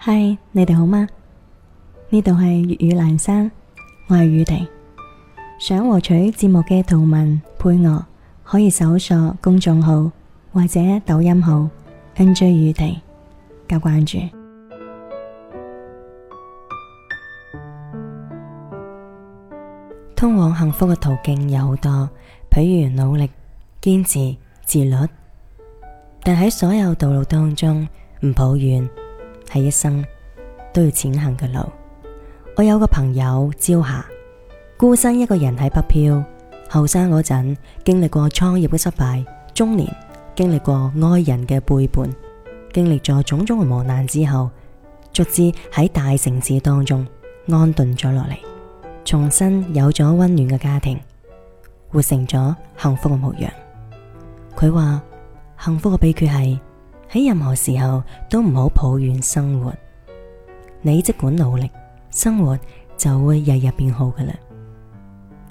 嗨，Hi, 你哋好嗎？呢度係粵語南山，我係宇婷。想獲取節目嘅圖文配樂，可以搜索公眾號或者抖音號 NJ 宇婷加關注。通往幸福嘅途徑有好多，譬如努力、堅持、自律，但喺所有道路當中，唔抱怨。係一生都要前行嘅路。我有個朋友朝霞，孤身一個人喺北漂。後生嗰陣經歷過創業嘅失敗，中年經歷過愛人嘅背叛，經歷咗種種嘅磨難之後，逐漸喺大城市當中安頓咗落嚟，重新有咗溫暖嘅家庭，活成咗幸福嘅模樣。佢話幸福嘅秘訣係，喺任何時候都唔好抱怨生活。你即管努力，生活就會日日變好㗎喇。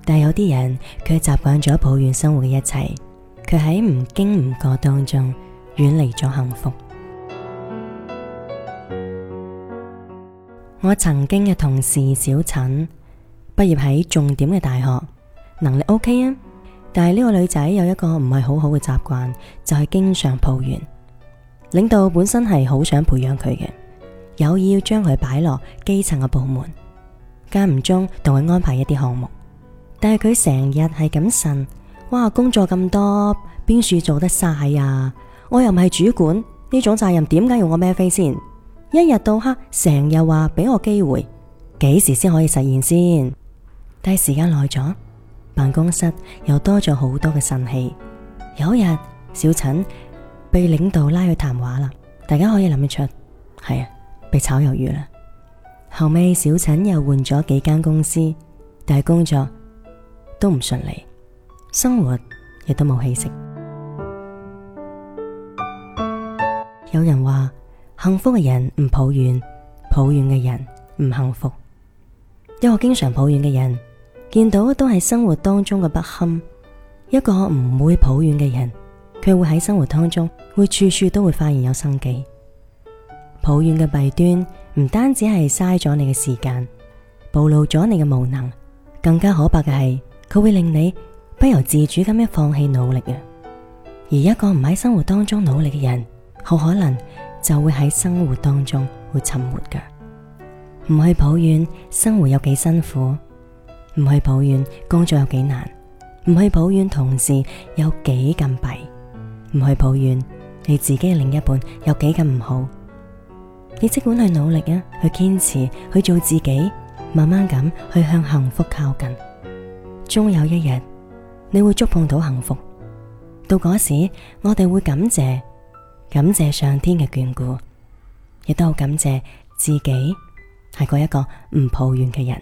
但有啲人佢習慣咗抱怨生活嘅一切，佢喺唔經唔覺當中遠離咗幸福。我曾經嘅同事小陳，畢業喺重點嘅大學，能力 OK 啊。但係呢個女仔有一個唔係好好嘅習慣，就係、是、經常抱怨。領導本身係好想培養佢嘅，有意要將佢擺落基層嘅部門，間唔中同佢安排一啲項目。但係佢成日係咁呻，哇，工作咁多，邊處做得晒啊！我又唔係主管，呢種責任點解要用我孭飛先？一日到黑，成日話俾我機會，幾時先可以實現先？但係時間耐咗，辦公室又多咗好多嘅呻氣。」有一日，小陳，被領導拉去談話啦，大家可以諗得出，係啊，被炒魷魚啦。後尾小陳又換咗幾間公司，但係工作都唔順利，生活亦都冇起色。 有人話：幸福嘅人唔抱怨，抱怨嘅人唔幸福。一個經常抱怨嘅人，見到都係生活當中嘅不堪；一個唔會抱怨嘅人。佢會喺生活當中，會處處都會發現有生機。抱怨嘅弊端唔單止係嘥咗你嘅時間，暴露咗你嘅無能，更加可怕嘅係佢會令你不由自主咁樣放棄努力嘅。而一個唔喺生活當中努力嘅人，好可能就會喺生活當中會沉沒㗎。唔去抱怨生活有幾辛苦，唔去抱怨工作有幾難，唔去抱怨同事有幾咁弊。唔去抱怨你自己嘅另一半有幾咁唔好，你即管去努力啊，去堅持，去做自己，慢慢咁去向幸福靠近。終有一日你會觸碰到幸福，到嗰時我哋會感謝感謝上天嘅眷顧，亦都好感謝自己係個一個唔抱怨嘅人。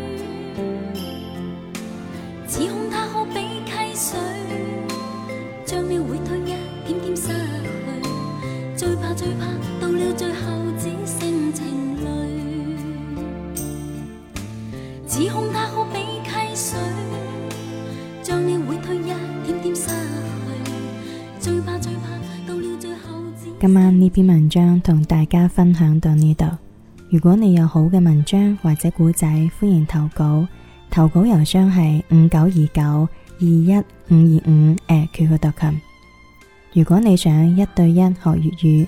今晚呢篇文章同大家分享到呢度。如果你有好嘅文章或者古仔，歡迎投稿。投稿郵箱係五九二九二一五二五。誒，QQ 點 com。如果你想一對一學粵語。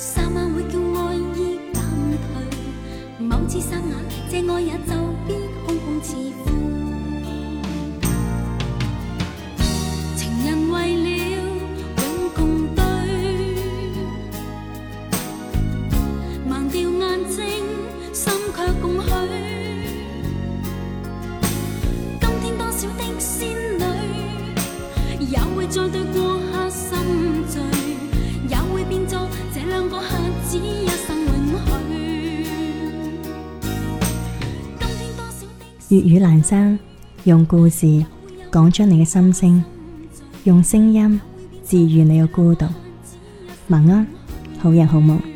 霎眼會叫愛意減退，某次霎眼，這愛也就必空空自負。情人為了永共，共對，盲掉眼睛，心卻空虛。今天多少的仙女，也會再對過客心醉。也會變作這兩個孩子一生永。粵語藍山，用故事講出你嘅心聲，用聲音治愈你嘅孤獨。晚安，好人好夢。